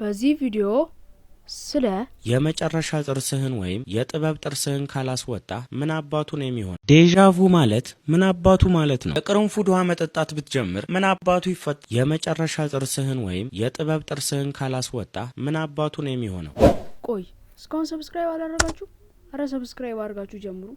በዚህ ቪዲዮ ስለ የመጨረሻ ጥርስህን ወይም የጥበብ ጥርስህን ካላስወጣ ምን አባቱ ነው የሚሆን? ዴዣvu ማለት ምን አባቱ ማለት ነው። የቅርንፉድ ውሃ መጠጣት ብትጀምር ምን አባቱ ይፈት? የመጨረሻ ጥርስህን ወይም የጥበብ ጥርስህን ካላስወጣ ምን አባቱ ነው የሚሆነው? ቆይ እስካሁን ሰብስክራይብ አላደረጋችሁ? አረ ሰብስክራይብ አድርጋችሁ ጀምሩ።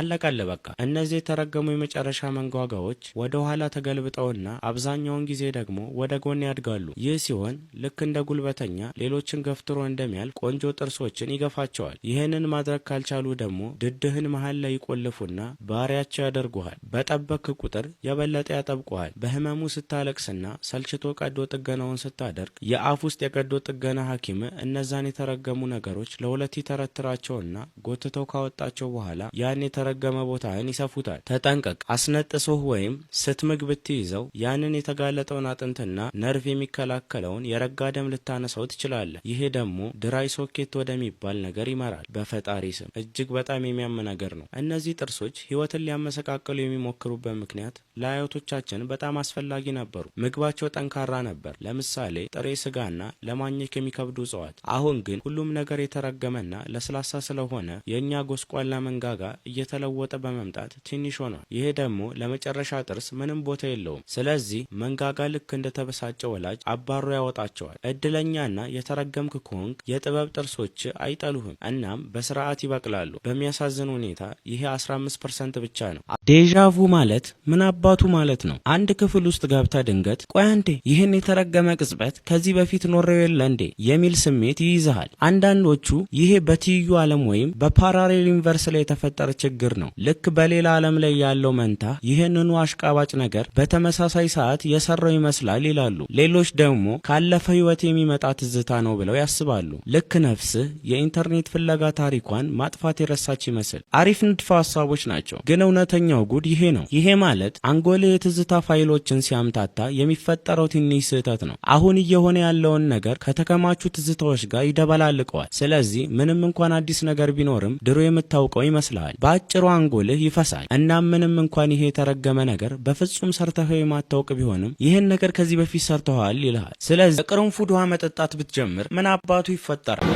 አለቃለ በቃ። እነዚህ የተረገሙ የመጨረሻ መንጓጋዎች ወደ ኋላ ተገልብጠውና አብዛኛውን ጊዜ ደግሞ ወደ ጎን ያድጋሉ። ይህ ሲሆን ልክ እንደ ጉልበተኛ ሌሎችን ገፍትሮ እንደሚያልፍ ቆንጆ ጥርሶችን ይገፋቸዋል። ይህንን ማድረግ ካልቻሉ ደግሞ ድድህን መሀል ላይ ይቆልፉና ባሪያቸው ያደርጉሃል። በጠበክ ቁጥር የበለጠ ያጠብቁሃል። በህመሙ ስታለቅስና ሰልችቶ ቀዶ ጥገናውን ስታደርግ የአፍ ውስጥ የቀዶ ጥገና ሐኪም እነዛን የተረገሙ ነገሮች ለሁለት ይተረትራቸውና ጎትተው ካወጣቸው በኋላ ያን የተረገመ ቦታህን ይሰፉታል። ተጠንቀቅ። አስነጥሶህ ወይም ስትምግ ብትይዘው ያንን የተጋለጠውን አጥንትና ነርቭ የሚከላከለውን የረጋ ደም ልታነሳው ትችላለህ። ይሄ ደግሞ ድራይ ሶኬት ወደሚባል ነገር ይመራል። በፈጣሪ ስም እጅግ በጣም የሚያም ነገር ነው። እነዚህ ጥርሶች ህይወትን ሊያመሰቃቅሉ የሚሞክሩበት ምክንያት ለአያቶቻችን በጣም አስፈላጊ ነበሩ። ምግባቸው ጠንካራ ነበር። ለምሳሌ ጥሬ ስጋና ለማኘክ የሚከብዱ እጽዋት። አሁን ግን ሁሉም ነገር የተረገመና ለስላሳ ስለሆነ የእኛ ጎስቋላ መንጋጋ እየተ እየተለወጠ በመምጣት ትንሽ ሆኗል። ይሄ ደግሞ ለመጨረሻ ጥርስ ምንም ቦታ የለውም። ስለዚህ መንጋጋ ልክ እንደተበሳጨ ወላጅ አባሮ ያወጣቸዋል። እድለኛና የተረገምክ ከሆንክ የጥበብ ጥርሶች አይጠሉህም፣ እናም በስርዓት ይበቅላሉ። በሚያሳዝን ሁኔታ ይሄ 15 ፐርሰንት ብቻ ነው። ዴዣvu ማለት ምን አባቱ ማለት ነው? አንድ ክፍል ውስጥ ገብታ ድንገት ቆይ አንዴ ይህን የተረገመ ቅጽበት ከዚህ በፊት ኖረው የለ እንዴ የሚል ስሜት ይይዝሃል። አንዳንዶቹ ይሄ በትይዩ ዓለም ወይም በፓራሌል ዩኒቨርስ ላይ የተፈጠረ ችግር ነው። ልክ በሌላ ዓለም ላይ ያለው መንታ ይህንኑ አሽቃባጭ ነገር በተመሳሳይ ሰዓት የሰራው ይመስላል ይላሉ። ሌሎች ደግሞ ካለፈ ሕይወት የሚመጣ ትዝታ ነው ብለው ያስባሉ። ልክ ነፍስህ የኢንተርኔት ፍለጋ ታሪኳን ማጥፋት የረሳች ይመስል። አሪፍ ንድፈ ሀሳቦች ናቸው ግን እውነተኛ ሌላኛው ጉድ ይሄ ነው። ይሄ ማለት አንጎል የትዝታ ፋይሎችን ሲያምታታ የሚፈጠረው ትንሽ ስህተት ነው። አሁን እየሆነ ያለውን ነገር ከተከማቹ ትዝታዎች ጋር ይደበላልቀዋል። ስለዚህ ምንም እንኳን አዲስ ነገር ቢኖርም ድሮ የምታውቀው ይመስልሃል። በአጭሩ አንጎልህ ይፈሳል። እናም ምንም እንኳን ይሄ የተረገመ ነገር በፍጹም ሰርተኸው የማታውቅ ቢሆንም ይህን ነገር ከዚህ በፊት ሰርተዋል ይልሃል። ስለዚህ የቅርንፉድ ውሃ መጠጣት ብትጀምር ምን አባቱ ይፈጠራል?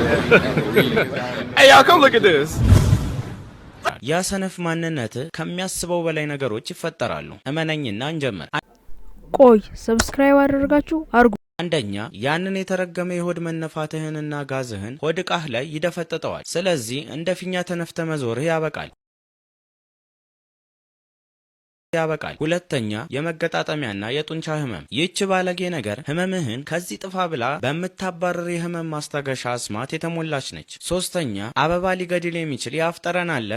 ይፈጠራል። ያ ሰነፍ ከሚያስበው በላይ ነገሮች ይፈጠራሉ። እመነኝና እንጀምር። ቆይ ሰብስክራይብ አደረጋችሁ አርጉ። አንደኛ ያንን የተረገመ የሆድ መነፋትህንና ጋዝህን ሆድ እቃህ ላይ ይደፈጥጠዋል። ስለዚህ እንደ ፊኛ ተነፍተ መዞርህ ያበቃል ያበቃል። ሁለተኛ የመገጣጠሚያና የጡንቻ ህመም። ይህች ባለጌ ነገር ህመምህን ከዚህ ጥፋ ብላ በምታባረር የህመም ማስታገሻ አስማት የተሞላች ነች። ሶስተኛ አበባ ሊገድል የሚችል የአፍ ጠረን አለ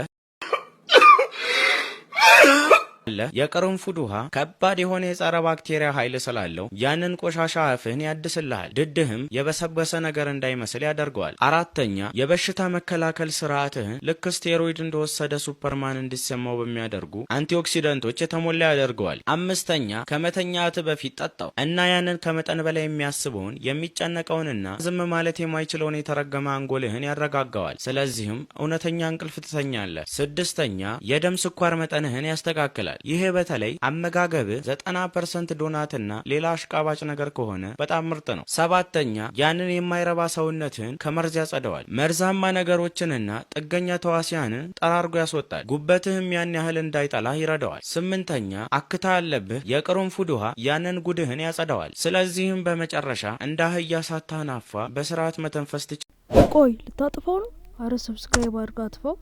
አለ የቅርንፉድ ውሃ ከባድ የሆነ የጸረ ባክቴሪያ ኃይል ስላለው ያንን ቆሻሻ አፍህን ያድስልሃል። ድድህም የበሰበሰ ነገር እንዳይመስል ያደርገዋል። አራተኛ የበሽታ መከላከል ስርዓትህን ልክ ስቴሮይድ እንደወሰደ ሱፐርማን እንዲሰማው በሚያደርጉ አንቲኦክሲደንቶች የተሞላ ያደርገዋል። አምስተኛ ከመተኛት በፊት ጠጣው እና ያንን ከመጠን በላይ የሚያስበውን የሚጨነቀውንና ዝም ማለት የማይችለውን የተረገመ አንጎልህን ያረጋጋዋል። ስለዚህም እውነተኛ እንቅልፍ ትተኛለህ። ስድስተኛ የደም ስኳር መጠንህን ያስተካክላል። ይላል። ይሄ በተለይ አመጋገብህ ዘጠና ፐርሰንት ዶናትና ሌላ አሽቃባጭ ነገር ከሆነ በጣም ምርጥ ነው። ሰባተኛ ያንን የማይረባ ሰውነትህን ከመርዝ ያጸደዋል። መርዛማ ነገሮችንና ጥገኛ ተዋሲያንን ጠራርጎ ያስወጣል። ጉበትህም ያን ያህል እንዳይጠላህ ይረዳዋል። ስምንተኛ አክታ ያለብህ የቅርንፉድ ውሃ ያንን ጉድህን ያጸደዋል። ስለዚህም በመጨረሻ እንደ አህያ ሳታናፋ በስርዓት መተንፈስ ትችል። ቆይ ልታጥፈው ነው? አረ ሰብስክራይብ አድርጋ አጥፈው።